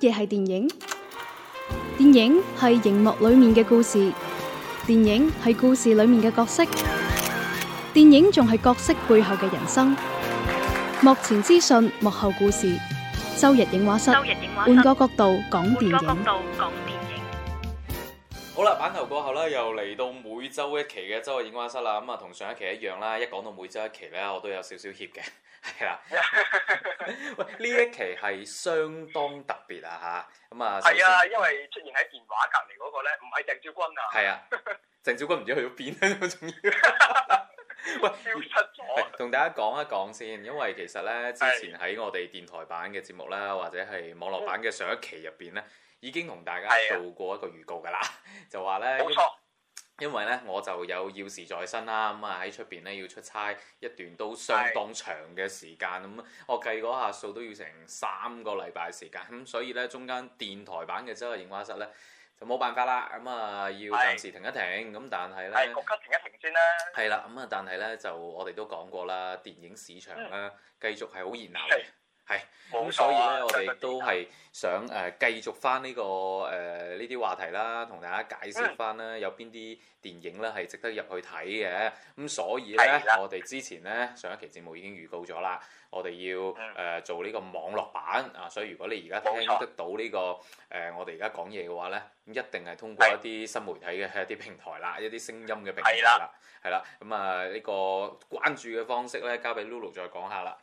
嘢係電影，電影係熒幕裏面嘅故事，電影係故事裏面嘅角色，電影仲係角色背後嘅人生。幕前資訊，幕後故事，周日映畫室，換個角度講電影。好啦，版頭過後咧，又嚟到每週一期嘅周日映畫室啦。咁、嗯、啊，同上一期一樣啦，一講到每週一期咧，我都有少少怯嘅，係啦。喂，呢一期係相當特別啊吓，咁啊，係啊，因為出現喺電話隔離嗰個咧，唔係鄭少君啊。係啊的，鄭少君唔知去咗邊咧，仲 要。 了喂，消失咗。同大家講一講先，因為其實咧，之前喺我哋電台版嘅節目啦，的或者係網絡版嘅上一期入邊咧。已經同大家做過一個預告㗎啦，的就話咧，因為咧錯我就有要事在身啦，咁啊喺出邊咧要出差一段都相當長嘅時間，咁的我計嗰下數都要成三個禮拜時間，咁所以咧中間電台版嘅《周日映畫室》咧就冇辦法啦，咁啊要暫時停一停，咁的但係咧係個級停一停先啦。係、嗯、啦，咁啊但係咧就我哋都講過啦，電影市場啦繼續係好熱鬧嘅。係，咁所以咧， да、我哋都係想誒繼續翻、這、呢個誒呢啲話題啦，同大家介紹翻咧有邊啲電影咧係值得入去睇嘅。咁、嗯、所以咧，的我哋之前咧上一期節目已經預告咗啦，我哋要誒、嗯呃、做呢個網絡版啊。所以如果你而家聽得到、這個呃、話話呢個誒我哋而家講嘢嘅話咧，咁一定係通過一啲新媒體嘅一啲平台啦，一啲聲音嘅平台啦，係啦。咁啊呢個關注嘅方式咧，交俾、 嗯、Lulu 再講下啦。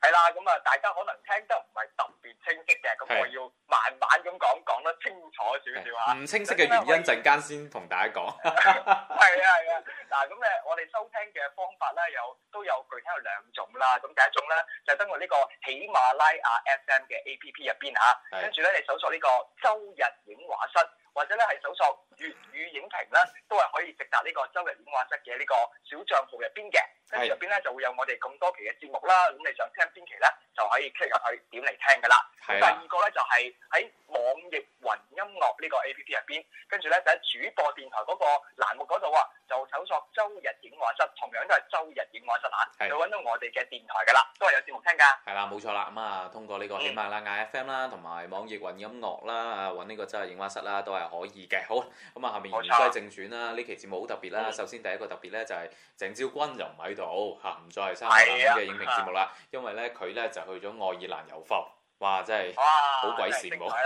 係啦，咁啊，大家可能聽得唔係特別清晰嘅，咁的我要慢慢咁講，講得清楚少少吓。唔清晰嘅原因，以，陣間先同大家講。係啊係啊，嗱咁咧， 我哋收聽嘅方法咧有都有具體有兩種啦。咁第一種咧，就係、登入呢個喜馬拉雅 FM 嘅 A P P 入邊啊，跟住咧你搜索呢個周日映畫室，或者咧係搜索粵語，語影評咧，都係可以直達呢個周日映畫室嘅呢個小賬號入邊嘅，的跟住入邊咧就會有我哋咁多期嘅節目啦。咁的你想聽邊期咧，就可以直接去點嚟聽噶啦。的第二個咧就係喺網易雲音樂呢個 A P P 入邊，跟住咧喺主播電台嗰個欄目嗰度啊，就搜索周日映畫室，同樣都係周日映畫室嚇，的就揾到我哋嘅電台噶啦，都係有節目聽㗎。係啦，冇錯啦。咁、嗯、啊，通過呢、這個喜馬拉雅 F M 啦，同埋網易雲音樂啦，啊揾呢個周日映畫室啦，都係。可以嘅，好咁啊，下面唔西正選啦，呢的期節目特別好特別啦。首先第一個特別咧就係鄭昭君又唔喺度嚇，唔再係三五嘅影評節目啦，啊、因為咧佢咧就去咗愛爾蘭遊埠，哇真係哇好鬼羨慕、啊，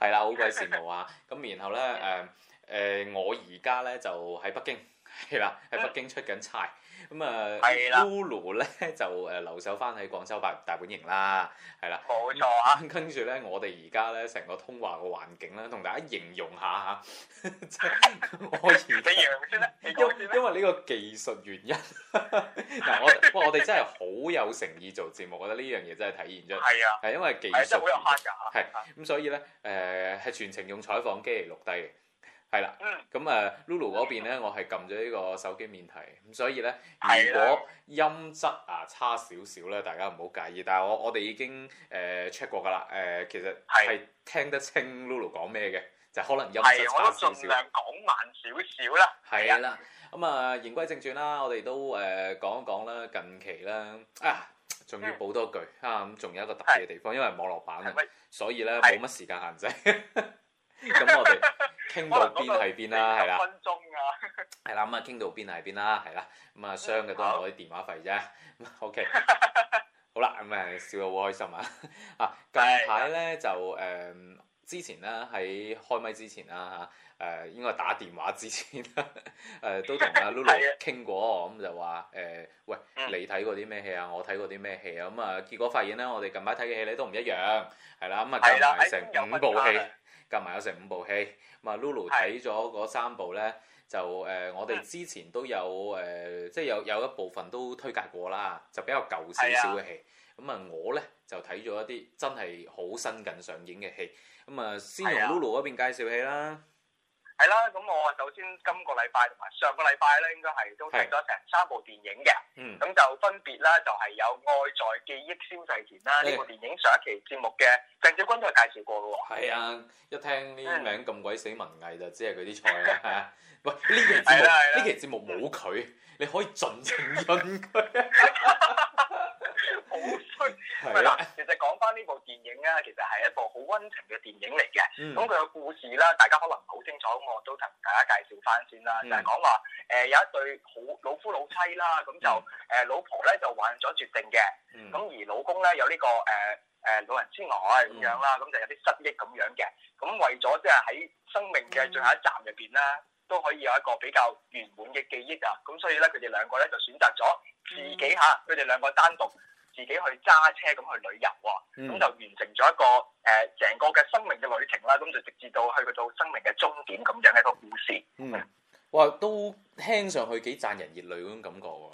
係啦、 啊、好鬼羨慕嚇。咁 然後咧誒誒，我而家咧就喺北京係啦，喺 北京出緊差。 咁啊，咕嚕咧就誒留守翻喺廣州大大本營啦，係啦。冇錯啊。跟住咧，我哋而家咧成個通話個環境咧，同大家形容下嚇。 我而在。 你形先啦，因因為呢個技術原因，嗱 我，哇！我哋真係好有誠意做節目，我覺得呢樣嘢真係體現咗。係啊。 係因為技術。係好有客人嚇。係，咁所以咧，誒、呃、係全程用採訪機嚟錄低嘅。係啦，咁啊 Lulu 嗰邊咧，我係撳咗呢個手機免提，咁所以咧，如果音質啊差少少咧，大家唔好介意。但係我我哋已經誒 check、呃、過噶啦，誒、呃、其實係聽得清 Lulu 講咩嘅，就可能音質差少少。係，我都盡量講慢少少啦。係啦了，咁啊、嗯嗯，言歸正傳啦，我哋都誒、呃、講一講啦，近期啦，啊，仲要補多句啊，咁仲的有一個特別嘅地方，因為網絡版嘅，的所以咧冇乜時間限制。 咁我哋傾到邊係邊啦，係啦，分鐘啊，係啦，咁啊傾到邊係邊啦，係啦，咁啊傷嘅都係我啲電話費啫，OK，好啦，咁啊笑到好開心 啊，啊近排咧就誒、嗯、之前咧喺開麥之前啦嚇，誒、啊、應該係打電話之前，誒、啊、都同阿 Lulu 傾過，咁 的就話誒、呃、喂、嗯、你睇過啲咩戲啊，我睇過啲咩戲啊，咁、嗯、啊結果發現咧我哋近排睇嘅戲咧都唔一樣，係啦， 咁啊就係成五部戲。 夾埋有成五部戲，咁啊 Lulu 睇咗嗰三部咧，的就誒、呃、我哋之前都有誒、呃，即係有有一部分都推介過啦，就比較舊少少嘅戲。咁啊的我咧就睇咗一啲真係好新近上映嘅戲。咁啊先由 Lulu 嗰邊介紹起啦。係啦，咁我首先今個禮拜同埋上個禮拜咧，應該係都睇咗成三部電影嘅。嗯的，咁就分別啦，就係有《愛在記憶消逝前》啦呢部電影，上一期節目嘅鄭小君都係介紹過嘅喎。係啊，一聽呢名咁鬼死文藝就知係佢啲菜啦。喂，呢期節目呢期節目冇佢，你可以盡情陰佢。好衰。係啦，其實講翻呢部電影啊，其實係一部好溫情嘅電影嚟嘅。嗯。咁佢嘅故事啦，大家可能清楚我都同大家介紹翻先啦，嗯、就係講話誒有一對好老夫老妻啦，咁、嗯、就誒老婆咧就患咗絕症嘅，咁、嗯、而老公咧有呢、這個誒誒、呃呃、老人之外，咁樣啦，咁就有啲失憶咁樣嘅，咁為咗即係喺生命嘅最後一站入邊啦，嗯、都可以有一個比較圓滿嘅記憶啊，咁所以咧佢哋兩個咧就選擇咗自己嚇，佢哋兩個單獨。自己去揸車咁去旅遊喎、啊，咁、嗯、就完成咗一個誒成個嘅生命嘅旅程啦，咁就直至到去到生命嘅終點咁樣嘅一個故事。嗯，哇，都聽上去幾賺人熱淚嗰種感覺喎。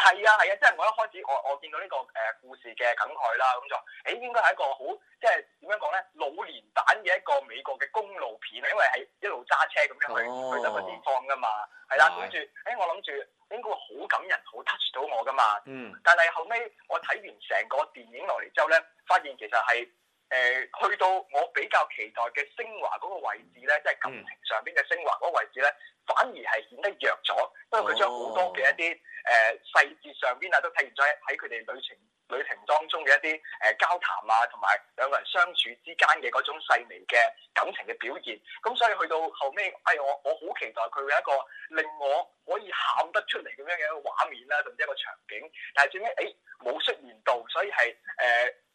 係啊，係啊，即係、啊就是、我一開始我我見到呢個誒故事嘅梗概啦，咁就誒應該係一個好即係點樣講咧老年版嘅一個美國嘅公路片啊，因為係一路揸車咁樣去、哦、去得個地方噶嘛，係啦、啊。跟住誒，我諗住。應該好感人，好 touch 到我㗎嘛。嗯。但係後尾我睇完成個電影落嚟之後咧，發現其實係誒、呃、去到我比較期待嘅升華嗰個位置咧，即、就、係、是、感情上邊嘅升華嗰個位置咧，反而係顯得弱咗，因為佢將好多嘅一啲。誒細節上邊啊，都睇唔出喺佢哋旅程旅程當中嘅一啲誒、呃、交談啊，同埋兩個人相處之間嘅嗰種細微嘅感情嘅表現。咁所以去到後尾，哎，我我好期待佢會有一個令我可以喊得出嚟咁樣嘅一個畫面啦，甚至一個場景。但係最尾，哎，冇出現到，所以係誒、呃、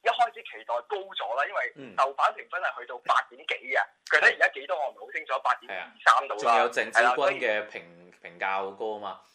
一開始期待高咗啦，因為豆瓣評分係去到八點幾嘅。具體而家幾多我唔係好清楚，八點二三度。啦、嗯。仲有鄭子君嘅評、嗯、評價好高啊嘛～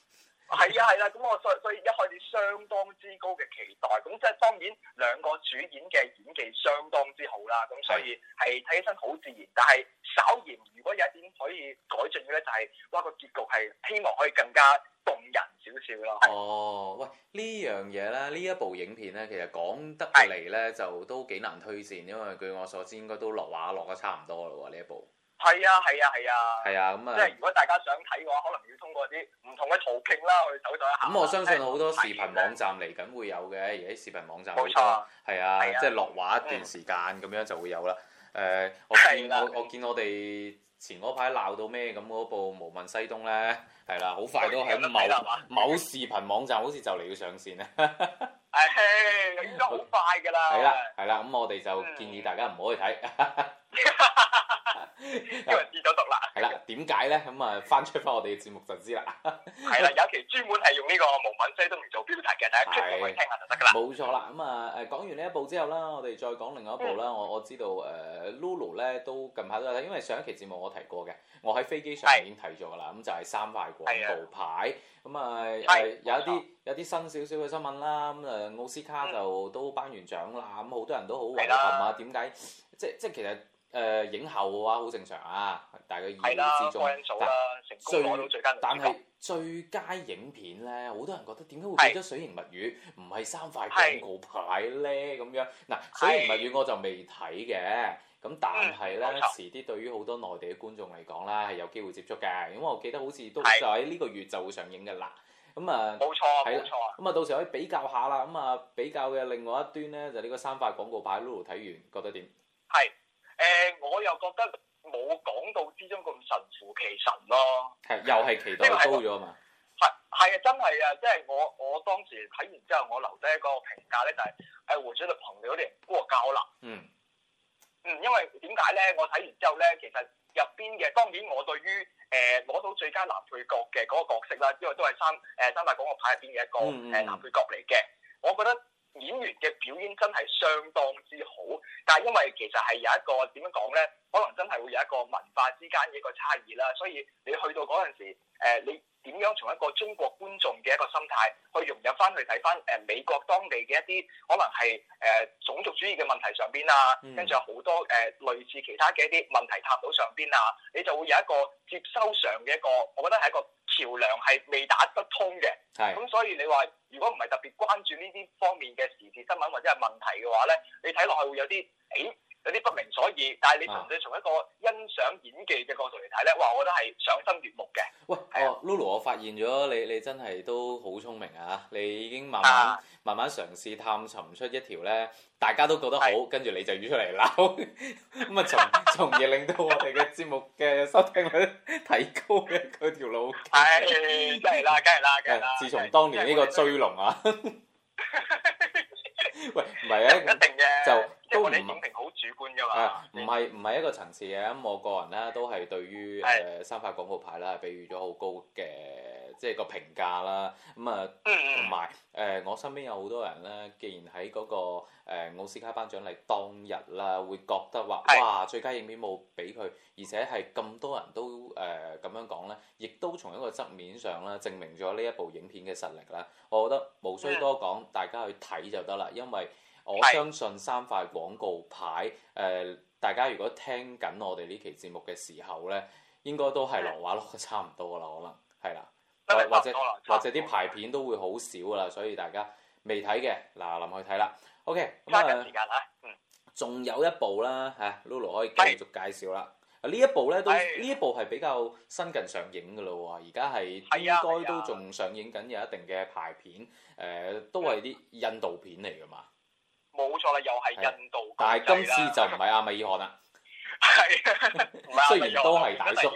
係啊，係啦，咁我所所以一開始相當之高嘅期待，咁即係當然兩個主演嘅演技相當之好啦，咁所以係睇起身好自然。但係稍嫌如果有一點可以改進嘅咧，就係哇個結局係希望可以更加動人少少咯。哦，喂，呢樣嘢咧，呢一部影片咧，其實講得嚟咧就都幾難推薦，因為據我所知應該都落畫落得差唔多啦喎，呢一部。係啊係啊係啊！係啊咁啊，即係如果大家想睇嘅話，可能要通過啲唔同嘅途徑啦，我哋搜索一下。咁我相信好多視頻網站嚟緊會有嘅，而喺視頻網站冇錯，係啊，即係落畫一段時間咁樣就會有啦。誒，我見我我見我哋前嗰排鬧到咩咁，嗰部無問西東咧係啦，好快都喺某某視頻網站好似就嚟要上線啦。哎，應該好快㗎啦。係啦係啦，咁我哋就建議大家唔好去睇。因為知咗讀啦，係啦，點解咧？咁啊，翻出翻我哋嘅節目就知啦。係啦，有期專門係用呢個無名西都嚟做標題嘅，大家出嚟聽下就得噶啦。冇錯啦，咁啊，誒，講完呢一部之後啦，我哋再講另外一部啦。我我知道誒，Lulu 咧都近排都有睇，因為上一期節目我提過嘅，我喺飛機上面已經睇咗噶啦。咁就係三塊廣告牌，咁啊，係有一啲有啲新少少嘅新聞啦。咁誒，奧斯卡就都頒完獎啦，咁好多人都好遺憾啊。點解？即係即係其實。誒影後嘅話好正常啊，大概意料之中。但係最佳影片咧，好多人覺得點解會俾咗《水形物語》唔係三塊廣告牌咧？咁樣嗱，《水形物語》我就未睇嘅，咁但係咧遲啲對於好多內地嘅觀眾嚟講啦，係有機會接觸嘅，因為我記得好似都就喺呢個月就會上映嘅啦。咁啊，冇錯，冇錯。咁啊，到時可以比較下啦。咁啊，比較嘅另外一端咧，就呢個三塊廣告牌，Lulu 睇完覺得點？係。誒、呃，我又覺得冇講到之中咁神乎其神咯、啊，又係期待高咗嘛？係係啊，真係啊，即、就、係、是、我我當時睇完之後，我留低一,一個評價咧，就係誒，胡主麗憑料啲過教啦。嗯嗯，因為點解咧？我睇完之後咧，其實入邊嘅，當然我對於誒攞、呃、到最佳男配角嘅嗰個角色啦，因為都係三誒三大廣告牌入邊嘅一個誒男、嗯呃、配角嚟嘅，我覺得。演員嘅表演真係相當之好，但係因為其實係有一個點樣講咧，可能真係會有一個文化之間嘅一個差異啦，所以你去到嗰陣時，誒、呃、你點樣從一個中國觀眾嘅一個心態去融入翻去睇翻誒美國當地嘅一啲可能係誒、呃、種族主義嘅問題上邊啊，跟住、嗯、有好多誒、呃、類似其他嘅一啲問題探討上邊啊，你就會有一個接收上嘅一個，我覺得係一個橋梁係未打得通嘅。係咁是，所以你話如果唔係特別關注呢啲方面嘅時事新聞或者係問題嘅話咧，你睇落去會有啲誒。誒有啲不明所以，但係你從你從一個欣賞演技嘅角度嚟睇咧，哇！我覺得係賞心悅目嘅。喂，哦，Lulu，我發現咗你，你真係都好聰明啊！你已經慢慢慢慢嘗試探尋出一條咧，大家都覺得好，跟住你就要出嚟鬧，咁啊從從而令到我哋嘅節目嘅收聽率提高嘅嗰條路。係，梗係啦，梗係啦，梗係啦。自從當年呢個追龍啊，喂，唔係啊，一定嘅，就。都唔，你肯定好主觀㗎嘛？唔係唔係一個層次嘅。咁、嗯、我個人咧，都係對於誒是三塊廣告牌咧，比喻咗好高嘅，即、就、係、是、個評價啦。咁、嗯、啊，同埋誒，我身邊有好多人咧，既然喺嗰、那個誒、呃、奧斯卡頒獎禮當日啦，會覺得話是哇，最佳影片冇俾佢，而且係咁多人都誒咁、呃、樣講咧，亦都從一個側面上咧證明咗呢一部影片嘅實力啦。我覺得無需多講，大家去睇就得啦，因為。我相信三塊廣告牌，誒、呃，大家如果聽緊我哋呢期節目嘅時候咧，應該都係落畫咯，差唔多噶啦，可能係啦，或者或者啲排片都會好少噶啦，所以大家未睇嘅，嗱，諗去睇啦。O K，咁啊，時間啦，仲、呃嗯、有一部啦嚇、啊、，Lulu 可以繼續介紹啦。呢是一部咧，都呢是一部係比較新近上映噶啦喎，而家係應該都仲上映緊，有一定嘅排片，誒、呃，都係啲印度片嚟噶嘛。冇錯啦，又係印度角色啦。但係今次就唔係阿米爾汗啦。係 雖然都係大叔，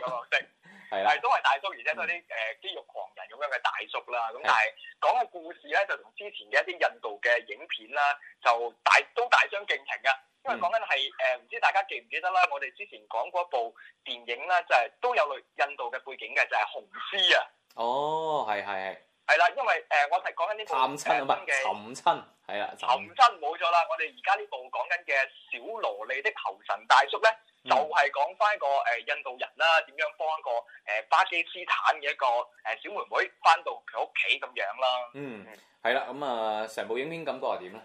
係啦的，都係大叔，而且都啲誒、呃、肌肉狂人咁樣嘅大叔啦。咁但係講嘅故事咧，就同之前嘅一啲印度嘅影片啦，就大都大相鏡情嘅大相徑庭。因為講緊係誒，唔、嗯、知大家記唔記得啦？我哋之前講過一部電影啦，就係、是、都有類印度嘅背景嘅，就係、是《雄獅》啊。哦，係係係。係啦，因為誒、呃，我係講緊呢部新嘅尋親，係啦、呃，尋親冇、呃、錯啦。錯，我哋而家呢部講緊嘅小蘿莉的猴神大叔咧，嗯、就係講翻一個誒印度人啦、啊，點樣幫一個誒巴基斯坦嘅一個誒小妹妹翻到佢屋企咁樣啦。嗯，係啦、嗯，咁啊，成、呃、部影片感覺係點咧？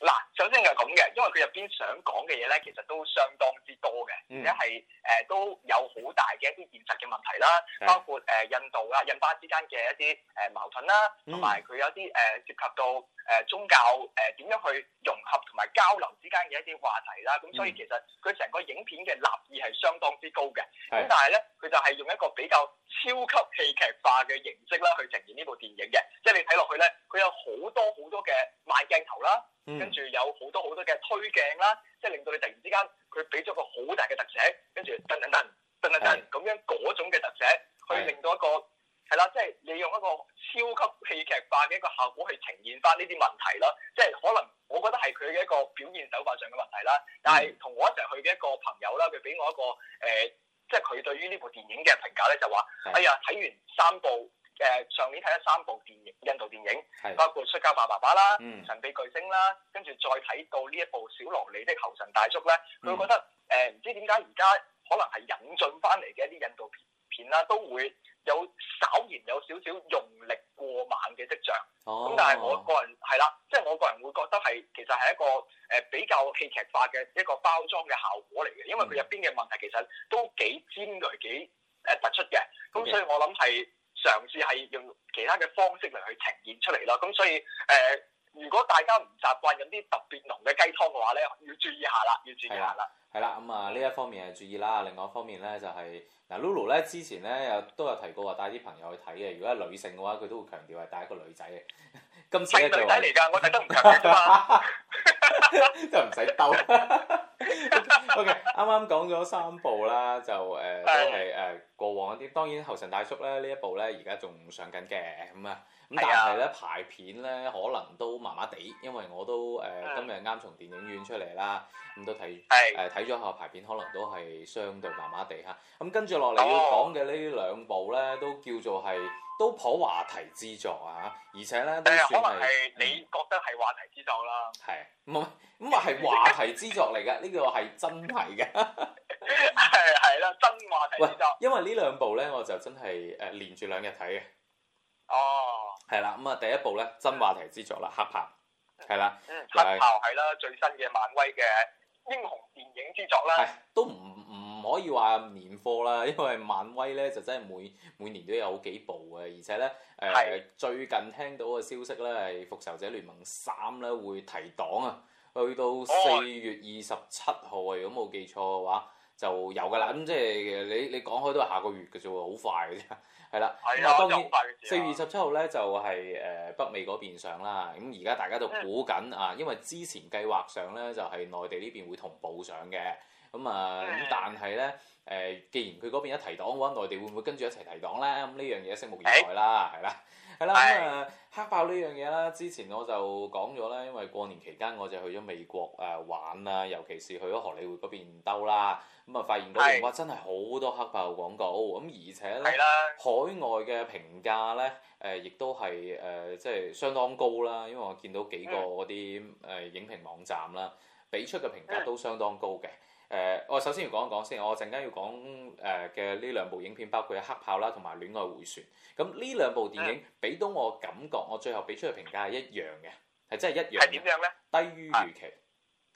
嗱，首先係咁嘅，因為佢入邊想講嘅嘢咧，其實都相當之多嘅，一係誒都有好大嘅一啲現實嘅問題啦，包括誒、呃、印度呀、印巴之間嘅一啲誒矛盾啦，同埋佢有啲誒涉及到。誒、呃、宗教誒點、呃、樣去融合同埋交流之間嘅一啲話題啦，咁所以其實佢成個影片嘅立意係相當之高嘅，咁、嗯、但係呢，佢就係用一個比較超級戲劇化嘅形式啦去呈現呢部電影嘅，即係你睇落去呢，佢有好多好多嘅慢鏡頭啦、嗯，跟住有好多好多嘅推鏡啦，即係令到你突然之間佢俾咗個好大嘅特寫，跟住噔噔噔噔噔噔咁、嗯、樣嗰種嘅特寫，去令到一個。係啦，即係利用一個超級戲劇化嘅一個效果去呈現翻呢啲問題啦。即係可能我覺得係佢嘅一個表現手法上嘅問題啦。但係同我一齊去嘅一個朋友啦，佢俾我一個誒、呃，即係佢對於呢部電影嘅評價咧，就話：哎呀，睇完三部誒、呃，上年睇咗三部電影，印度電影，包括《摔跤吧爸爸》啦，《神秘巨星》啦，跟住再睇到呢一部《小蘿莉的猴神大叔》咧，佢會覺得誒，唔、呃、知點解而家可能係引進翻嚟嘅一啲印度片片啦，都會。有稍然有少少用力過猛嘅跡象，咁、oh, 嗯、但係我個人係啦，嗯、即係我個人會覺得係其實，係一個誒比較戲劇化嘅一個包裝嘅效果嚟嘅，因為佢入邊嘅問題，其實都幾尖銳幾誒突出嘅，咁 Okay. 所以我諗，係嘗試，係用其他嘅方式嚟去呈現出嚟咯，咁、嗯、所以誒、呃，如果大家唔習慣飲啲特別濃嘅雞湯嘅話，咧，要注意下啦，要注意下啦，係啦，咁啊呢一方面係注意啦，另外一方面咧就係、是。嗱 Lulu 咧之前咧，有都有提過話帶啲朋友去睇嘅，如果係女性嘅話，佢都會強調係帶一個女仔嘅。 係女仔嚟㗎，我係足球客嘛，就唔使兜。OK，啱啱講咗三部啦，就誒都係誒過往一啲。當然，猴神大叔咧呢一部咧而家仲上緊嘅咁啊，咁但係咧排片咧可能都麻麻地，因為我都誒今日啱從電影院出嚟啦，咁都睇誒睇咗下排片，可能都係相對麻麻地嚇。咁跟住落嚟要講嘅呢兩部咧，都叫做係。都頗話題之作啊，而且咧都算係。可能係你覺得係話題之作啦。係、嗯，唔唔咁啊，係話題之作嚟嘅，呢、這個係真係嘅。係係啦，真話題之作。因為呢兩部咧，我就真係誒、呃、連住兩日睇嘅。哦。係啦，咁啊，第一部咧真話題之作啦，《黑豹》係啦。嗯，嗯是黑豹係啦，最新嘅漫威嘅英雄電影之作啦。係、嗯。都唔唔。唔可以話年貨啦，因為漫威咧就真係每每年都有幾部嘅，而且咧誒的最近聽到嘅消息咧係復仇者聯盟三咧會提檔啊，去到四月二十七號啊，的如果冇記錯嘅話就有㗎啦。咁即係你你講開都係下個月嘅啫喎，好快嘅啫，係 啦的。咁的當然四月二十七號咧就係、是、誒北美嗰邊上啦。咁而家大家都估緊啊，因為之前計劃上咧就係、是、內地呢邊會同步上嘅。咁啊，咁、嗯、但係咧，誒、呃，既然佢嗰邊一提檔，咁內地會唔會跟住一齊提檔咧？咁呢樣嘢拭目以待啦，係啦，係啦。咁啊，黑豹呢樣嘢啦，之前我就講咗咧，因為過年期間我就去咗美國誒玩啦，尤其是去咗荷里活嗰邊兜啦，咁、嗯、啊發現到哇的、呃呃，真係好多黑豹嘅廣告，咁而且咧，海外嘅評價咧，誒亦都係誒即係相當高啦，因為我見到幾個嗰啲誒影評網站啦，俾出嘅評價都相當高嘅。誒，我、uh, 首先要講一講先，我陣間要講誒嘅呢兩部影片，包括《黑豹》啦，同埋《戀愛回旋》。咁呢兩部電影俾到我感覺，嗯、我最後俾出嘅評價係一樣嘅，係真係一樣。係點樣咧？低於預期，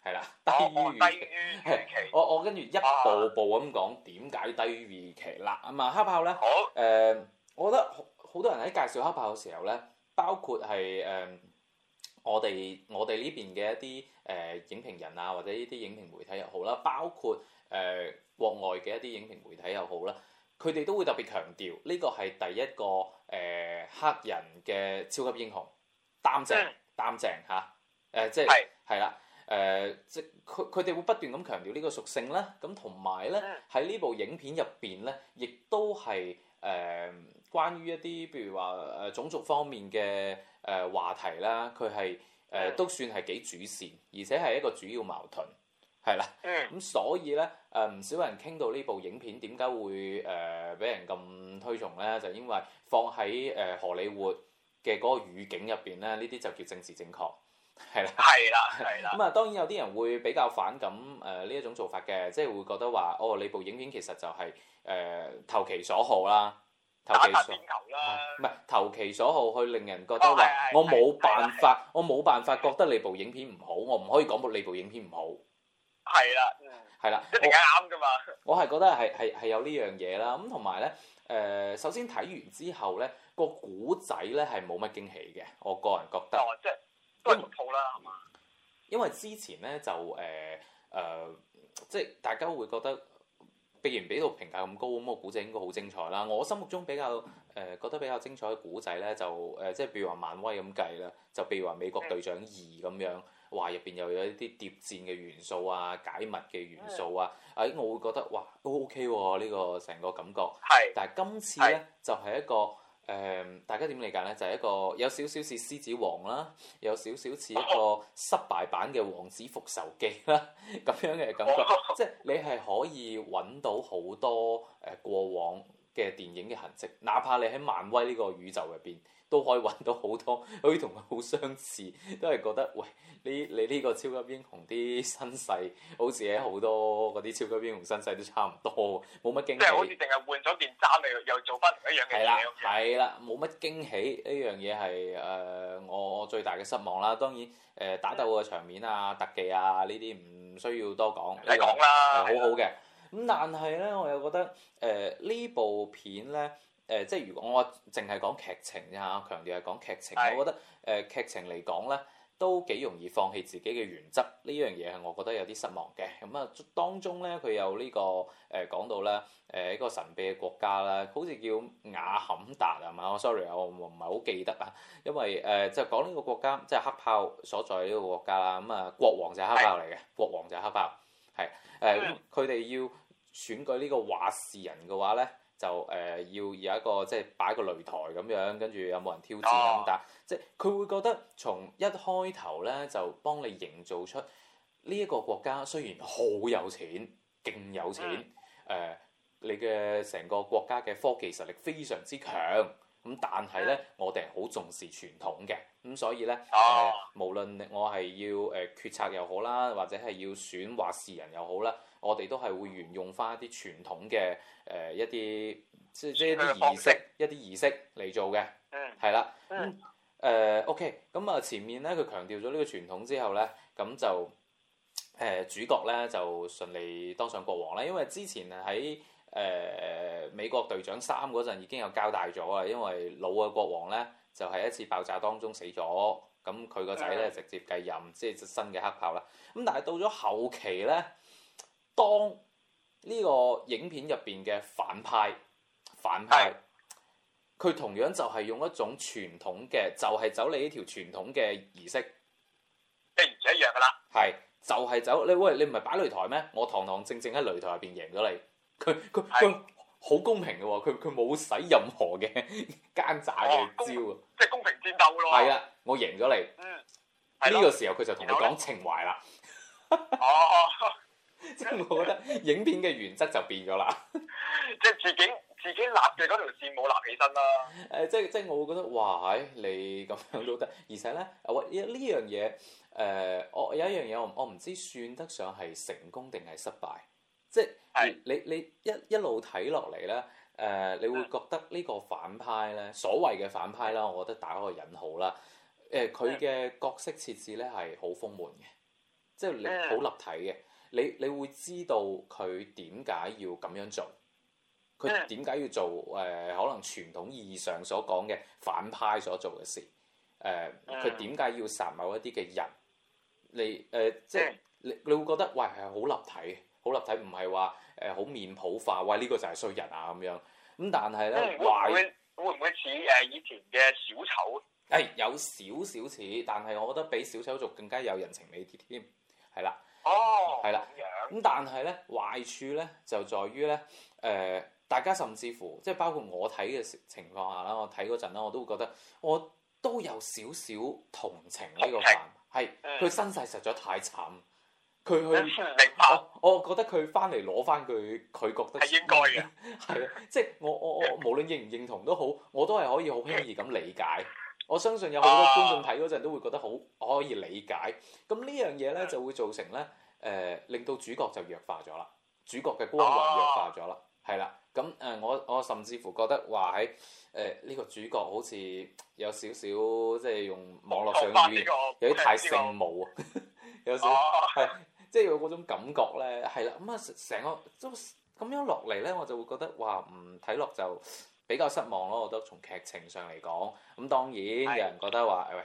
係啦、哦哦，低於預期。我我跟住一步步咁講點解低於預期啦。啊《黑豹》咧好，誒，uh, 我覺得好，好多人喺介紹《黑豹》嘅時候咧，包括係誒、嗯、我哋我哋呢邊嘅一啲。誒、呃、影評人啊，或者呢啲影評媒體又好啦，包括誒、呃、國外嘅一啲影評媒體又好啦，佢哋都會特別強調呢個係第一個誒、呃、黑人嘅超級英雄，擔正擔、嗯、正嚇，誒、呃、即係係啦，誒是、呃、即佢佢哋會不斷咁強調呢個屬性啦。咁同埋咧喺呢部影片入邊咧，亦都係誒、呃、關於一啲譬如話誒種族方面嘅誒話題啦，佢、呃、係。誒、呃、都算係幾主線，而且係一個主要矛盾，係啦。嗯。咁所以咧，誒、呃、唔少人傾到呢部影片點解會誒俾、呃、人咁推崇咧？就因為放喺誒、呃、荷里活嘅嗰個語境入邊咧，呢啲就叫政治正確，係啦。係啦，係啦。咁啊、嗯，當然有啲人會比較反感誒呢一種做法嘅，即係會覺得話哦，你部影片其實就係、是、誒、呃、投其所好啦。投其所，唔係投其所好去令人覺得話，哦、我冇辦法，我冇辦法覺得你部影片唔好，我唔可以講到你部影片唔好。係啦，係啦，即係啱噶嘛。我係覺得係係係有呢樣嘢啦，咁同埋咧，誒，首先睇完之後咧，個古仔咧係冇乜驚喜嘅，我個人覺得。哦、即係都唔好套啦，係嘛為？因為之前咧就誒誒、呃呃呃，即係大家會覺得。既然俾到評價咁高，咁、那個古仔應該好精彩啦。我心目中比較誒、呃、覺得比較精彩嘅古仔咧，就誒、呃、即係譬如話漫威咁計啦，就譬如話美國隊長二咁樣，哇入邊又有一啲諜戰嘅元素啊、解密嘅元素啊，誒、哎、我會覺得哇都 OK 喎、啊、呢、這個成個感覺。係。但係今次咧就係、是、一個。誒，um, 大家點理解呢？就係、是、一個有少少似獅子王啦，有少少似一個失敗版嘅《王子復仇記》啦，咁 樣嘅感覺。 即係你係可以揾到好多誒、呃、過往嘅電影嘅痕跡，哪怕你喺漫威呢個宇宙入邊。都可以揾到好多，可以同佢好相似，都係覺得喂，呢你呢個超級英雄啲身世，好似喺好多嗰啲超級英雄身世都差唔多，冇乜驚喜。即係好似淨係換咗件衫你又做翻另一樣嘅嘢。係啦了，係啦，冇乜驚喜呢樣嘢係誒，我最大嘅失望啦。當然誒，打鬥嘅場面啊、特技啊呢啲唔需要多講。嚟講啦，好好嘅。咁但係咧，我又覺得誒呢、呃、部片咧。誒即係如果我淨係講劇情啫嚇，強調係講劇情，我覺得誒劇情嚟講咧都幾容易放棄自己嘅原則，呢樣嘢係我覺得有啲失望嘅。咁、嗯、啊，當中咧佢有呢、呢個誒、呃、講到咧誒一個神秘嘅國家啦，好似叫雅坎達係嘛？我 sorry 我唔係好記得啊。因為誒、呃、就講呢個國家即係黑豹所在呢個國家啦，咁啊國王就係黑豹嚟嘅，國王就係黑豹係誒。佢哋的、呃、要選舉呢個話事人嘅話咧。就誒、呃、要有一個即係擺個擂台咁樣，跟住有冇人挑戰咁、oh. 但即係佢會覺得從一開頭咧就幫你營造出呢一個國家雖然好有錢，勁有錢，誒、mm. 呃、你嘅成個國家嘅科技實力非常之強，咁但係咧、oh. 我哋係好重視傳統嘅，咁所以咧誒、呃、無論我係要誒決策又好啦，或者係要選話事人又好啦。我哋都係會沿用翻一啲傳統嘅誒、呃、一啲即即一啲儀式色一啲儀式嚟做嘅，係啦咁誒 O K。咁啊的、嗯呃 okay, 前面咧佢強調咗呢個傳統之後咧，咁就誒、呃、主角咧就順利當上國王啦。因為之前喺誒、呃、美國隊長三嗰陣已經有交代咗啦，因為老嘅國王咧就係、是、一次爆炸當中死咗，咁佢個仔咧直接繼任即係新嘅黑豹啦。咁但係到咗後期咧。當呢個影片入邊嘅反派，反派佢是的 同樣就係用一種傳統嘅，就係、是、走你呢條傳統嘅儀式，一樣噶啦。係就係、是、走你，喂，你唔係擺擂台咩？我堂堂正正喺擂台入邊贏咗你，佢佢佢好公平嘅喎，佢佢冇使任何嘅奸詐嘅招啊、哦，即係招了 公平戰鬥咯。係啊，我贏咗你。嗯，喺呢個時候佢就同你講情懷啦。哦。哦 即係我覺得影片嘅原則就變咗啦，即係自己自己立嘅嗰條線冇立起身啦。誒、呃，即係即係我會覺得，哇！你咁樣都得，而且咧，喂、呢個！呢樣嘢誒，我有一樣嘢，我我唔知算得上係成功定係失敗。即係是你你一一路睇落嚟咧，誒、呃，你會覺得呢個反派咧，所謂嘅反派啦，我覺得打開個引號啦，誒、呃，佢嘅角色設置咧係好豐滿嘅，即係好立體嘅。你你會知道佢點解要咁樣做，佢點解要做誒、呃？可能傳統意義上所講嘅反派所做嘅事，誒佢點解要殺某一啲嘅人？你誒、呃、即係、嗯、你你會覺得喂係好立體，好立體，唔係話誒好面譜化。喂，呢、這個就係衰人啊咁樣。咁但係咧、嗯說，會唔會會唔會似誒以前嘅小丑？係、哎、有少少似，但係我覺得比小丑仲更加有人情味啲添。係啦。係啦，咁但係咧壞處咧就在於咧，誒、呃，大家甚至乎即係包括我睇嘅情況下啦，我睇嗰陣啦，我都會覺得我都有少少同情呢個犯，係佢身世實在太慘，佢去，的我我覺得佢翻嚟攞翻佢，佢覺得係應該嘅，係啊，即係我我我，我無論認唔認同都好，我都係可以好輕易咁理解，我相信有好多觀眾睇嗰陣都會覺得好，我可以理解，咁呢樣嘢咧就會造成咧。誒令到主角就弱化咗啦，主角嘅光環弱化咗啦，係啦、啊，咁誒我我甚至乎覺得話喺誒呢個主角好似有少少即係用網絡上嘅語、這個、有啲太聖母啊，有少係即係有嗰種感覺咧，係、嗯、啦，咁啊成個都咁樣落嚟咧，我就會覺得話唔睇落就比較失望咯，我覺得從劇情上嚟講，咁當然有人覺得話誒喂。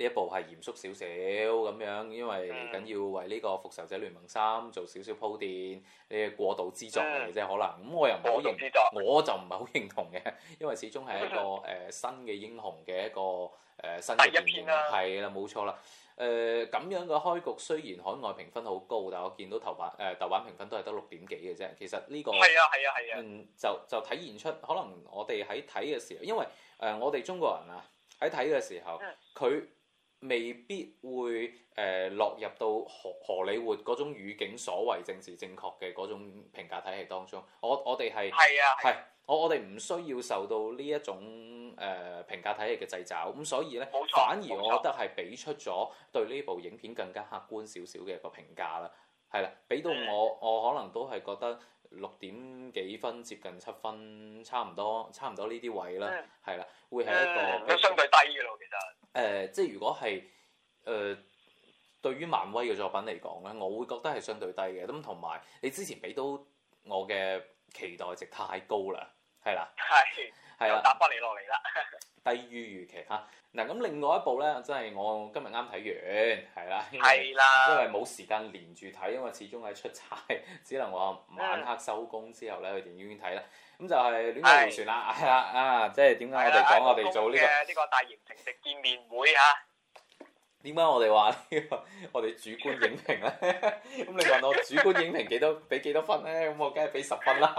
呢一部係嚴肅少少咁樣，因為嚟緊要為呢個《復仇者聯盟三》做少少鋪墊，呢個過渡之作嚟嘅啫，嗯、可能。咁我又唔好認，我就唔係好認同嘅，因為始終係一個誒錯、呃、新嘅英雄嘅一個誒、呃、新嘅電影。係啦、啊啊，冇錯啦。誒、呃、咁樣嘅開局雖然海外評分好高，但我見到頭版誒、呃、豆瓣評分都係得六點幾嘅啫。其實呢、這個係啊係啊係啊。嗯，就就體現出可能我哋喺睇嘅時候，因為誒、呃、我哋中國人啊喺睇嘅時候，佢。未必會誒、呃、落入到荷荷里活嗰種語境所謂政治正確嘅嗰種評價體系當中，我我哋係係，我、啊、我哋唔需要受到呢一種誒評價體系嘅制肘，咁所以咧，冇錯，反而我覺得係俾出咗對呢部影片更加客觀少少嘅一個評價啦，係啦，俾到我、嗯、我可能都係覺得六點幾分接近七分差唔多，差唔多呢啲位啦，係啦、嗯，會係一個都相對低嘅咯，其實。誒、呃，即係如果係誒、呃，對於漫威嘅作品嚟講咧，我會覺得係相對低嘅。咁同埋你之前俾到我嘅期待值太高啦，係啦。 係啦，打翻你落嚟啦。低於預期嚇，嗱、啊、咁另外一部咧，真係我今日啱睇完，係啦，了因為冇時間連住睇，因為始終係出差，只能話晚黑收工之後咧去電影院睇啦。咁就係戀愛回旋啦，係啦，啊，即係點解我哋們講我哋做呢、這個呢個大型城市見面會嚇、啊？點解我哋話呢個我哋主觀影評咧？咁 你問我主觀影評幾多？俾幾多分咧？咁我梗係俾十分啦。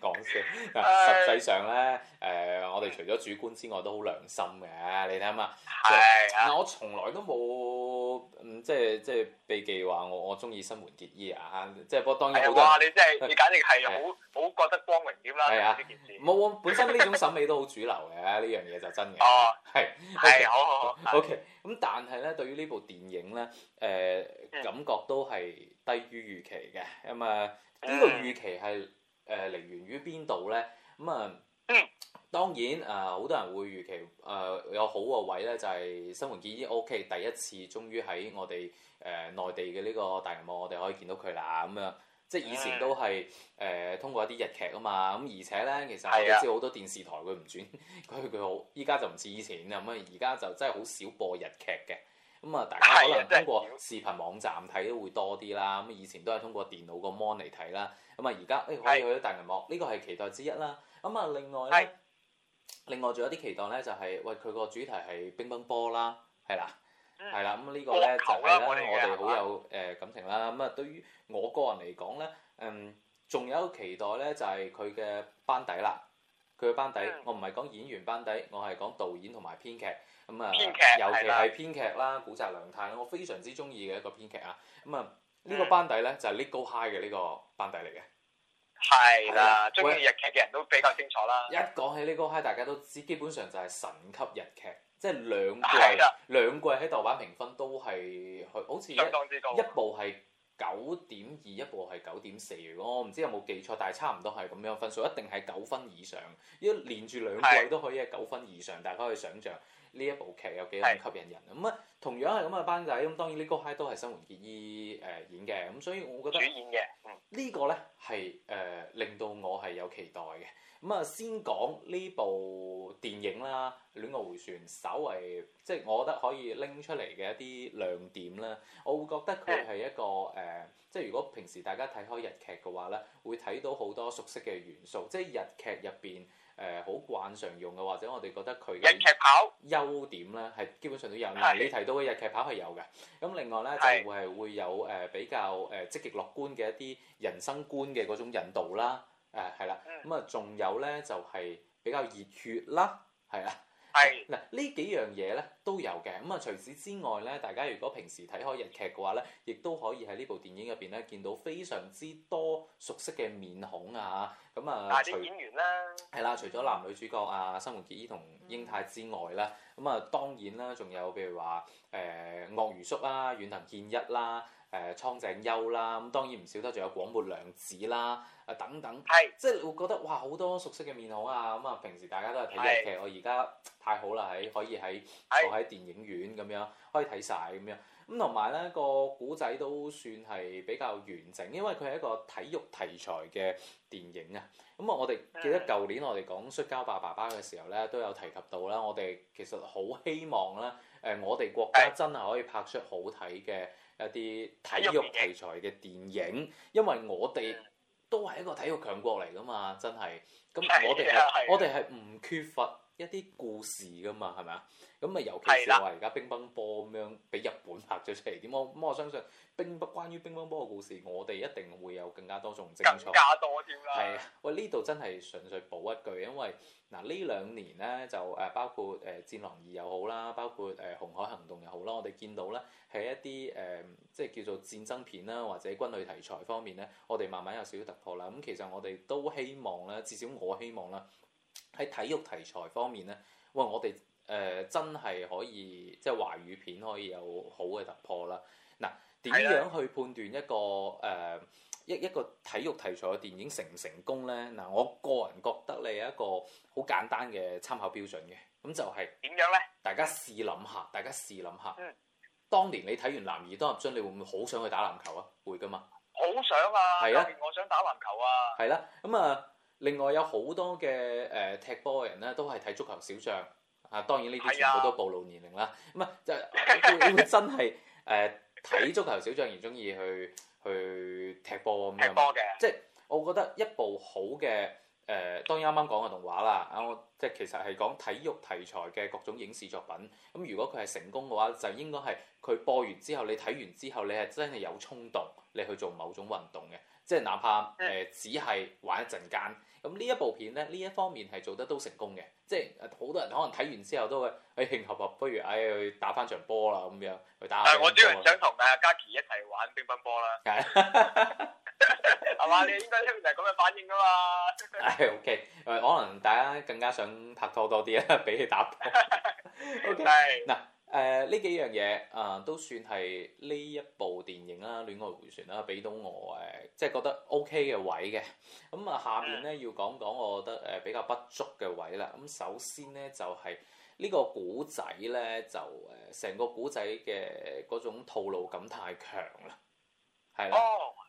講笑，嗱，實際上咧，誒、呃、我哋除咗主觀之外，都好良心嘅。你睇下，嘛、嗱，我從來都冇。嗯，即係即係避忌話我我中意新垣結衣啊，即係，不過當然好多、哎。你即、就、係、是、你簡直係 好好覺得光榮點啦呢、啊、件事。本身呢種審美都好主流嘅呢樣嘢就真嘅。哦，係係好好好。O K，咁但係咧，對於呢部電影咧，誒、呃、感覺都係低於預期嘅咁啊。個預呃呃、呢個預期係誒嚟源於邊度咧？咁啊嗯。嗯嗯嗯嗯嗯嗯當然，誒、呃、好多人會預期，誒、呃、有好個位咧，就係新垣結衣 OK，第一次終於喺我哋誒內地嘅呢個大銀幕，我哋可以見到佢啦，咁、嗯、樣。即係以前都係誒、呃、通過一啲日劇啊嘛，咁而且咧，其實我哋知好多電視台佢唔轉，佢佢好，依家就唔似以前咁啊，而、嗯、家就真係好少播日劇嘅。咁、嗯、啊，大家可能通過視頻網站睇都會多啲啦。咁、嗯、以前都係通過電腦個 mon 嚟睇啦。咁、嗯、啊，而家誒可以去大銀幕，呢、這個係期待之一啦。咁、嗯、啊，另外咧。另外仲有啲期待咧，就係喂佢個主題係乒乓波啦，係啦，係啦，咁呢個咧就係咧我哋好有誒感情啦。咁啊，對於我個人嚟講咧，嗯，仲有一個期待咧，就係佢嘅班底啦。佢嘅班底，我唔係講演員班底，我係講導演同埋編劇。咁啊，尤其係編劇啦，古澤良太啦，我非常之中意嘅一個編劇啊。咁啊，呢個班底咧就係《Legal High》嘅呢個班底嚟嘅。係啦，中意日劇嘅人都比較清楚啦。一講起呢個嗨，大家都知，基本上就係神級日劇，即係兩季，的兩季喺豆瓣評分都係去，好似一,一部係九點二，一部係九點四。如果我唔知有冇記錯，但係差唔多係咁樣分數，一定係九分以上。一連住兩季都可以係九分以上，的大家可以想象。呢一部劇有幾吸引人，咁啊是同樣係咁嘅班底，咁當然呢個嗨都係新垣結衣誒演嘅，咁、呃、所以我覺得演嘅呢個咧係誒令到我係有期待嘅。咁、嗯、啊先講呢部電影啦，嗯《戀愛回旋》稍為即係、就是、我覺得可以拎出嚟嘅一啲亮點啦，我會覺得佢係一個誒、嗯呃，即係如果平時大家睇開日劇嘅話咧，會睇到好多熟悉嘅元素，即係日劇入邊。誒好慣常用嘅，或者我哋覺得佢嘅日劇跑優點咧，係基本上都有。嗱的，你提到嘅日劇跑係有嘅。咁另外咧，的就會係會有誒、呃、比較誒積極樂觀嘅一啲人生觀嘅嗰種引導啦。誒係啦。咁啊，仲、嗯、有咧就係、是、比較熱血啦。係啊。係嗱，呢幾樣嘢咧都有嘅，咁啊除此之外咧，大家如果平時睇開日劇嘅話咧，亦都可以喺呢部電影入邊咧見到非常之多熟悉嘅面孔啊！咁啊，除大演員啦，係啦，除咗男女主角杰啊，新垣結衣同瑛太之外咧，咁啊當然啦，仲有譬如話誒鰻魚叔啦、遠藤健一啦、誒、呃、蒼井優啦，咁、啊、當然唔少得，仲有廣末涼子啦。誒等等，是即係會覺得哇，好多熟悉嘅面孔啊！咁啊，平時大家都係睇日劇，是我而家太好啦，喺可以喺坐喺電影院咁樣，可以睇晒。咁樣咁同埋咧個古仔都算係比較完整，因為佢係一個體育題材嘅電影啊。咁、嗯、啊，我哋記得舊年我哋講摔跤吧爸爸嘅時候咧，都有提及到啦。我哋其實好希望咧，誒我哋國家真係可以拍出好睇嘅一啲體育題材嘅電影，因為我哋。都係一個體育強國嚟㗎嘛，真係。咁我哋係 我哋係唔缺乏。一啲故事噶嘛，係咪啊？咁啊，尤其是話而家乒乓波咁樣俾日本拍咗出嚟，點我？咁我相信乒乓關於乒乓波嘅故事，我哋一定會有更加多種精彩。更加多添啦。係啊、哎，喂，呢度真係純粹補一句，因為嗱呢兩年咧就誒包括誒戰狼二又好啦，包括誒、呃、紅海行動又好啦，我哋見到咧喺一啲誒、呃、即係叫做戰爭片啦或者軍旅題材方面咧，我哋慢慢有少少突破啦。咁其實我哋都希望咧，至少我希望啦。喺體育題材方面咧，哇！我哋誒真係可以，即係華語片可以有好嘅突破啦。嗱，點樣去判斷一個誒一一個體育題材嘅電影成唔成功咧？嗱，我個人覺得你有一個好簡單嘅參考標準嘅，咁就係點樣咧？大家試諗下，大家試諗下。嗯。當年你睇完《男兒當入樽》，你會唔會好想去打籃球啊？會噶嘛。好想啊！特別我想打籃球啊。係啦，咁啊。另外有好多嘅誒、呃、踢波嘅人咧，都係睇足球小將啊！當然呢啲全部都暴露年齡啦，唔係就會真係誒睇足球小將而中意去去踢波咁樣。踢波嘅，即係我覺得一部好嘅。誒、呃、當然啱啱講嘅動畫啦，啊我即係其實係講體育題材嘅各種影視作品。咁如果佢係成功嘅話，就應該係佢播完之後，你睇完之後，你係真係有衝動，你去做某種運動嘅，即係哪怕誒、呃、只係玩一陣間。咁呢一部片咧，呢一方面係做得都成功嘅，即係好多人可能睇完之後都會，誒興合合，不如唉、哎、去打返場波啦咁樣去打下，但我都要係想同阿嘉琪一齊玩乒乓波啦。 你應該出面就係咁嘅反應噶嘛？係 OK，誒可能大家更加想拍拖多啲啦，俾你打波。係嗱，誒呢幾樣嘢啊、呃，都算係呢一部電影啦，《戀愛回旋》啦，俾到我誒、呃，即係覺得 OK 嘅位嘅。咁、嗯、啊，下面咧要講講，我覺得誒比較不足嘅位啦。咁、嗯、首先咧就係呢個古仔咧，就誒、是、成個古仔嘅嗰種套路感太強啦。係，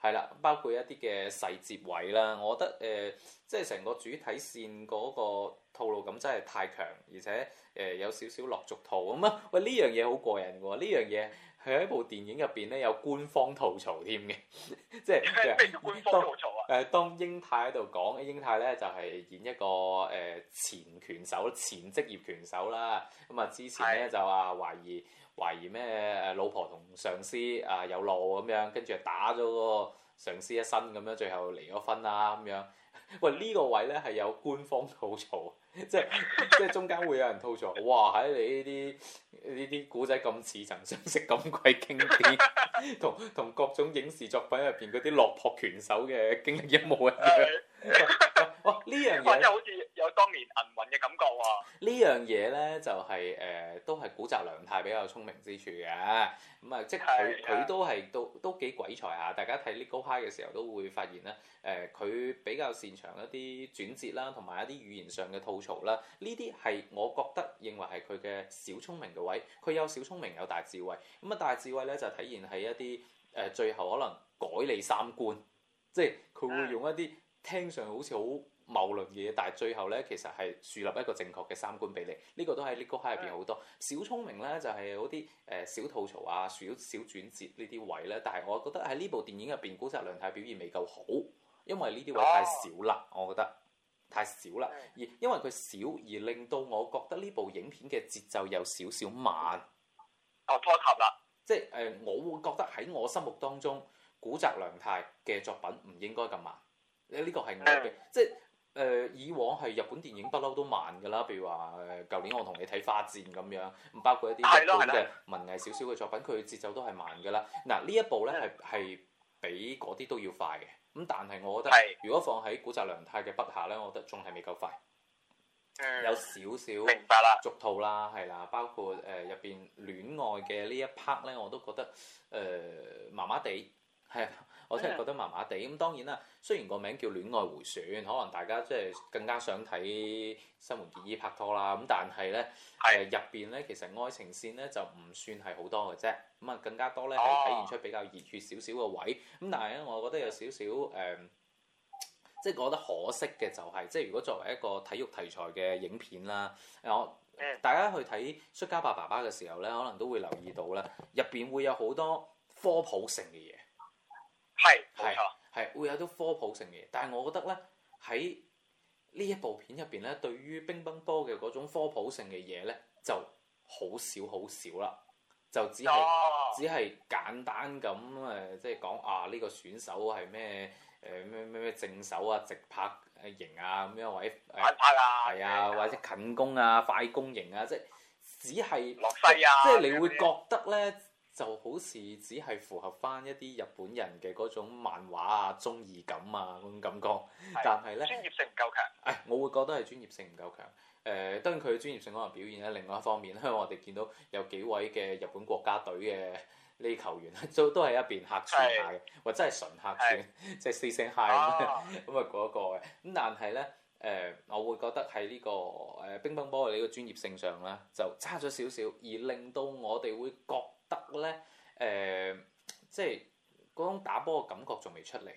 係啦，包括一啲嘅細節位啦，我覺得誒、呃，即係成個主體線嗰個套路感真係太強，而且誒、呃、有少少落俗套咁啊！喂，呢樣嘢好過癮喎，呢樣嘢。喺部電影入邊咧有官方吐槽添嘅。 是，即係官方吐槽當誒當英泰喺度講，英泰咧就係演一個誒前拳手、前職業拳手啦。咁啊之前咧就話懷疑懷疑咩誒老婆同上司啊有路咁樣，跟住打咗個，嘗試一身咁樣，最後離咗婚啦咁樣。喂，呢、這個位咧係有官方吐槽，即係即係中間會有人吐槽。哇！喺、哎、你呢啲呢啲古仔咁似曾相識，咁鬼經典，同 同各種影視作品入邊嗰啲落魄拳手嘅經歷一模一樣。對 哇！呢樣嘢，哇！即係好似有當年呢樣嘢咧就係、是、誒、呃，都係古澤良太比較聰明之處嘅，咁、嗯、啊即係佢佢都係都都幾鬼才下，大家睇 Legal High 嘅時候都會發現咧，誒、呃、佢比較擅長一啲轉折啦，同埋一啲語言上嘅吐槽啦，呢啲係我覺得認為係佢嘅小聰明嘅位，佢有小聰明有大智慧，咁啊大智慧咧就體現喺一啲誒、呃、最後可能改你三觀，即係佢會用一啲聽上好似好。的謀論嘢，但係最後咧，其實係樹立一個正確嘅三觀俾你。呢、這個都喺呢個卡入邊好多小聰明咧，就係嗰啲誒小吐槽啊、小小轉折呢啲位咧。但係我覺得喺呢部電影入邊，古澤良太表現未夠好，因為呢啲位太少啦，oh. 我覺得太少啦。而因為佢少，而令到我覺得呢部影片嘅節奏有少少慢。哦、oh. 就是，拖沓啦！即係誒，我會覺得喺我心目當中，古澤良太嘅作品唔應該咁慢。呢、這個係我嘅，oh. 即係。誒、呃、以往係日本電影不嬲都慢㗎啦，譬如話誒舊年我同你睇花戰咁樣，唔包括一啲日本嘅文藝少少嘅作品，佢節奏都係慢㗎啦。嗱呢一部咧係係比嗰啲都要快嘅，咁但係我覺得如果放喺古澤良太嘅筆下咧，我覺得仲係未夠快，有少少、嗯，明白啦，俗套啦，係啦，包括誒入邊戀愛嘅呢一 part 咧，我都覺得誒麻麻地，係。我真係覺得麻麻地咁，當然啦。雖然個名叫《戀愛回旋》，可能大家即係更加想睇新垣結衣拍拖啦。咁但係咧，誒入邊咧，其實愛情線咧就唔算係好多嘅啫。咁啊，更加多咧係體現出比較熱血少少嘅位。咁但係咧，我覺得有少少誒，即係我覺得可惜嘅就係、是，即係如果作為一個體育題材嘅影片啦，我、呃、大家去睇《摔跤吧爸爸》嘅時候咧，可能都會留意到啦，入邊會有好多科普性嘅嘢。係，係，係，會有啲科普性嘅嘢。但係我覺得咧喺呢一部片入邊咧，對於乒乓波嘅嗰種科普性嘅嘢咧，就好少好少啦，就只係、哦、只係簡單咁誒，即係講啊呢、這個選手係咩誒咩咩咩正手啊直拍型啊咁樣或者誒，反拍、呃、啊，係啊，啊或者近攻啊快攻型啊，即係只係、啊、即係你會覺得咧。是就好似只係符合返一啲日本人嘅嗰種漫畫啊、中二感啊嗰種感覺，的但係是咧專業性唔夠強。誒，我會覺得係專業性唔夠強。誒、呃，當然佢嘅專業性可能表現喺的另外一方面啦。我哋見到有幾位嘅日本國家隊嘅呢球員都都係一邊客串下嘅，的或者係純客串，的即係 say hi 咁啊嗰、嗯那個嘅。咁但係咧，誒、呃，我會覺得喺呢、這個誒、呃、乒，乒，乒乓波嘅呢個專業性上咧，就差咗少少，而令到我哋會覺。得咧，誒、嗯，即係嗰種打波嘅感覺仲未出嚟，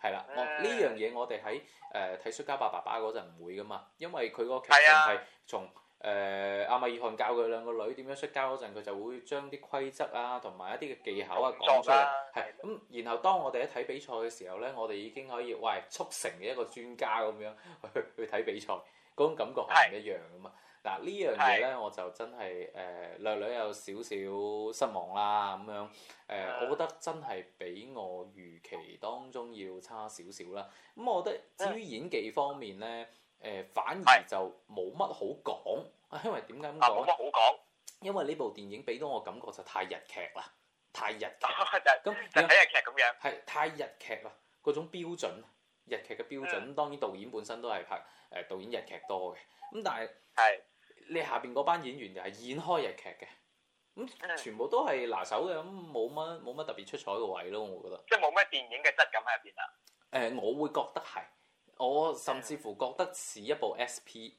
係啦。我呢樣嘢，我哋喺誒睇摔跤吧爸爸嗰陣唔會噶嘛，因為佢個劇情係從。誒，阿米爾汗教佢兩個女點樣摔跤嗰陣，佢就會將啲規則啊，同埋一啲嘅技巧啊講出嚟，係咁。是然後當我哋一睇比賽嘅時候咧，我哋已經可以喂速成嘅一個專家咁樣去去睇比賽，嗰種感覺係唔一樣噶嘛。嗱是呢樣嘢咧，是我就真係誒、呃、略略有少少失望啦咁樣。誒、呃，是我覺得真係比我預期當中要差少少啦。咁我覺得至於演技方面咧，誒、呃、反而就冇乜好講。反而 啊，因為點解咁講？冇乜好講。因為呢部電影俾到我感覺就太日劇啦，太日劇。咁就睇日劇咁樣。係太日劇咯，嗰種標準，日劇嘅標準。當然導演本身都係拍誒導演日劇多嘅。咁但係係你下邊嗰班演員就係演開日劇嘅。咁全部都係拿手嘅，咁冇乜冇乜特別出彩嘅位咯，我覺得。即係冇乜電影嘅質感喺入邊啦。誒，我會覺得係，我甚至乎覺得似一部 SP。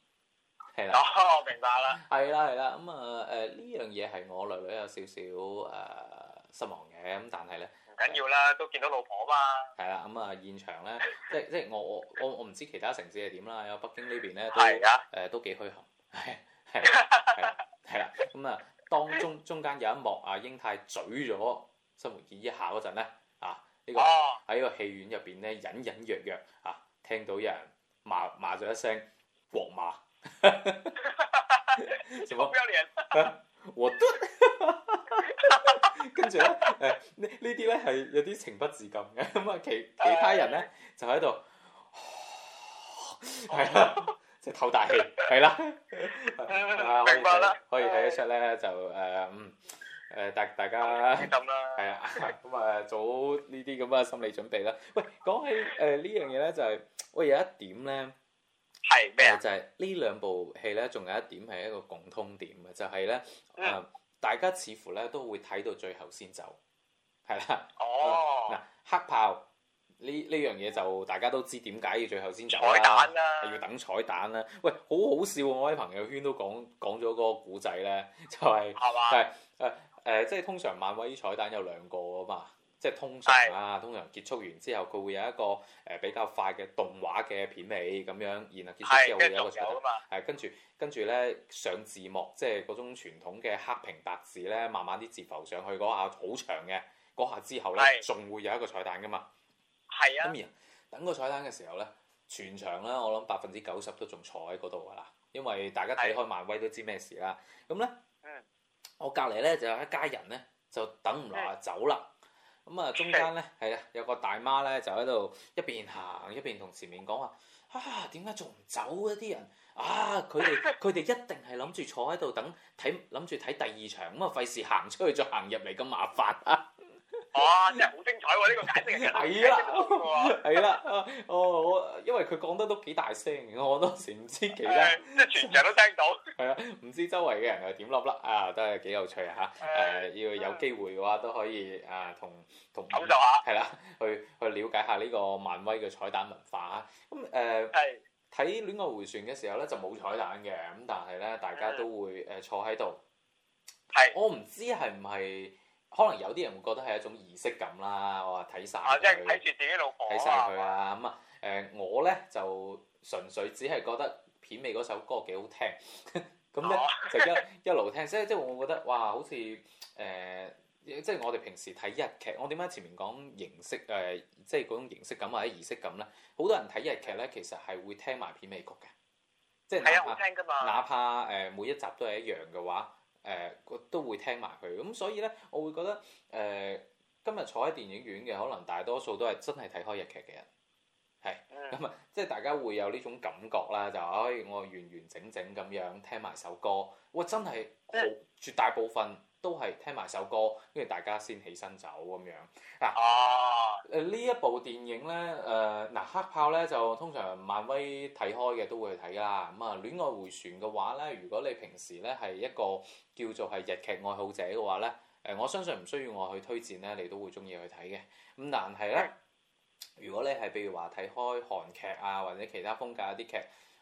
哦，嗯、我明白啦。係、呃、啦，係啦。咁啊，誒呢樣嘢係我略略有少少誒失望嘅咁，但呢係咧唔緊要啦，都見到老婆嘛。係啦，咁、嗯、啊現場咧，即即我我我我唔知其他城市係點啦，有北京呢邊咧都誒的都、嗯、都幾墟冚，係係係啦。咁啊、嗯，當中中間有一幕啊，英泰嘴咗《生活記》一下嗰陣咧啊，呢、這個喺、哦、個戲院入邊咧隱隱約約啊，聽到有人罵罵咗一聲黃馬。哈哈哈！哈 我都！哈！ 我跟住咧，誒，呢呢啲咧係有啲情不自禁嘅，咁啊其其他人咧就喺度，係啦，即係、啊就是、透大氣，係啦、啊， 明白啦。可以睇得出咧就誒，嗯、呃，誒、呃、大大家係啊，咁啊做好呢啲咁嘅心理準備啦。喂，講起誒、呃這個、呢樣嘢咧就係、是，喂有一點咧。係咩啊？就係呢兩部戲咧，仲有一點係一個共通點嘅，就係、是、咧，啊、呃，嗯、大家似乎咧都會睇到最後先走，係啦。哦，嗱、呃，黑豹呢呢樣嘢就大家都知點解要最後先走啦、啊，啊、要等彩蛋啦、啊。喂，好好笑、啊，我喺朋友圈都講講咗個古仔咧，就係係誒誒，即係通常漫威彩蛋有兩個啊嘛。即係通常啊，通常結束完之後，佢會有一個誒比較快嘅動畫嘅片尾咁樣，然後結束之後會有一個彩蛋，係跟住跟住咧上字幕，即係嗰種傳統嘅黑屏白字咧，慢慢啲字浮上去嗰下好長嘅嗰下之後咧，仲是的 會有一個彩蛋噶嘛。係啊。咁然等個彩蛋嘅時候咧，全場咧我諗百分之九十都仲坐喺嗰度噶啦，因為大家睇開漫威都知咩事啦。咁咧，是的 我隔離咧就有一家人咧就等唔落嚟走啦。咁啊，中間咧係啦，有個大媽咧就喺度一邊行一邊同前面講話，啊點解仲唔走啊啲人？啊佢哋佢哋一定係諗住坐喺度等睇，諗住睇第二場，咁啊費事行出去再行入嚟咁麻煩啊！哇！真係好精彩喎，呢、這個解釋係啦，係啦啊！哦，我因為佢講得都幾大聲，我當時唔知其他，即係 全場都聽到。 係啊，唔知周圍嘅人又點諗啦？啊，都係幾有趣嚇！誒、啊，要有機會嘅話都可以啊，同同感受下，係啦，去、嗯、去了解下呢個漫威嘅彩蛋文化嚇。咁、啊、誒，睇是《戀愛回旋》嘅時候咧就冇彩蛋嘅，咁但係咧大家都會誒坐喺度。係、嗯。我唔知係唔係。可能有啲人會覺得係一種儀式感啦，我話睇晒，睇住、啊、自己老婆，睇晒佢啦，咁啊，誒、嗯、我咧就純粹只係覺得片尾嗰首歌幾好聽，咁 咧呢、啊、就一一路聽，即係即係我覺得，哇，好似誒、呃，即係我哋平時睇日劇，我點解前面講形式誒、呃，即係嗰種形式感或者儀式感咧？好多人睇日劇咧，其實係會聽埋片尾曲嘅，即係唔會聽㗎嘛。哪怕誒、哎、每一集都係一樣嘅話。誒、呃，都會聽埋佢，咁所以咧，我會覺得誒、呃，今日坐喺電影院嘅可能大多數都係真係睇開日劇嘅人，係，咁、嗯、啊，即係大家會有呢種感覺啦，就可以、哎、我完完整整咁樣聽埋首歌，哇，真係好絕大部分，都係聽埋首歌，跟住大家先起身走咁樣。嗱、啊，誒、呢一部電影咧，誒、呃、嗱《黑豹》咧就通常漫威睇開嘅都會去睇㗎啦。咁、嗯、啊，《戀愛回旋》嘅話咧，如果你平時咧係一個叫做係日劇愛好者嘅話咧，誒、呃、我相信唔需要我去推薦咧，你都會中意去睇嘅。咁但係咧，如果你係譬如話睇開韓劇啊，或者其他風格啲劇。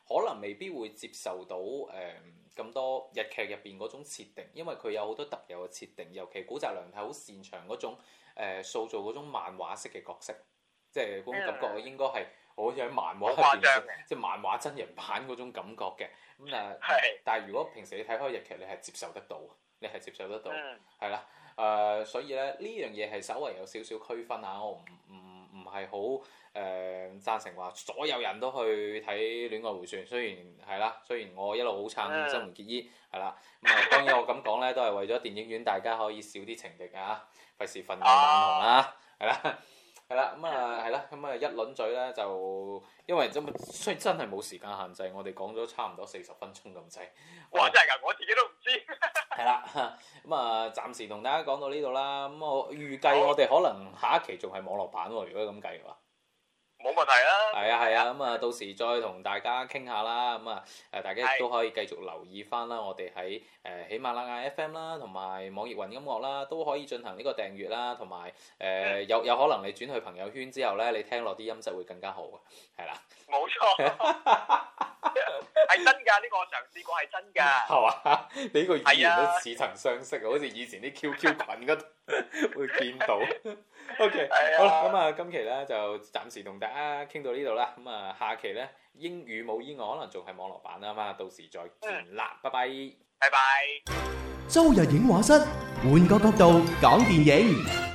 可能未必會接受到誒咁、呃、多日劇入邊嗰種設定，因為佢有好多特有嘅設定，尤其古澤良太好擅長嗰種、呃、塑造嗰種漫畫式嘅角色，即係嗰種感覺，應該係我好似喺漫畫入邊，即係漫畫真人版嗰種感覺嘅。咁、嗯、啊，呃、是但係如果平時你睇開日劇，你係接受得到，你係接受得到，係啦是。誒、呃，所以咧呢樣嘢係稍微有少少區分嚇，我唔唔。唔係好誒贊成話，所有人都去睇《戀愛回旋》。雖然係啦，雖然我一路好撐《新垣結衣，》 係啦。咁當然我咁講咧，都係為咗電影院大家可以少啲情敵啊，費事瞓眼紅啦，係啦、啊，係啦。咁啊係啦，咁啊、 嗯嗯、一輪嘴咧就因為咁，雖然真係冇時間限制，我哋講咗差唔多四十分鐘咁滯。哇、嗯！真係噶，我自己都唔知。 係啦，咁啊，暫時，嗯，同大家講到呢度啦。咁，嗯，我預計我哋可能下一期仲係網絡版喎。如果咁計嘅話。冇問題啊！係啊係啊，咁啊，啊到時再同大家傾下啦，咁啊，誒大家亦都可以繼續留意翻啦，我哋喺誒喜馬拉雅 FM 啦，同埋網易雲音樂啦，都可以進行呢個訂閱啦，同埋誒有有可能你轉去朋友圈之後咧，你聽落啲音質會更加好嘅，係啦。冇錯，係真噶，呢、這個我嘗試過，係、這個、真噶。係嘛？ 你、這、呢個語言都似曾相識好似、啊、以前啲 QQ 群嗰度會見到。 OK，哎呀，好啦，咁啊，今期咧就暫時同大家傾到呢度啦，咁啊，下期咧英語冇意外可能仲係網絡版啦嘛，到時再見啦，嗯，拜拜，拜拜。週日影畫室，換個角度講電影。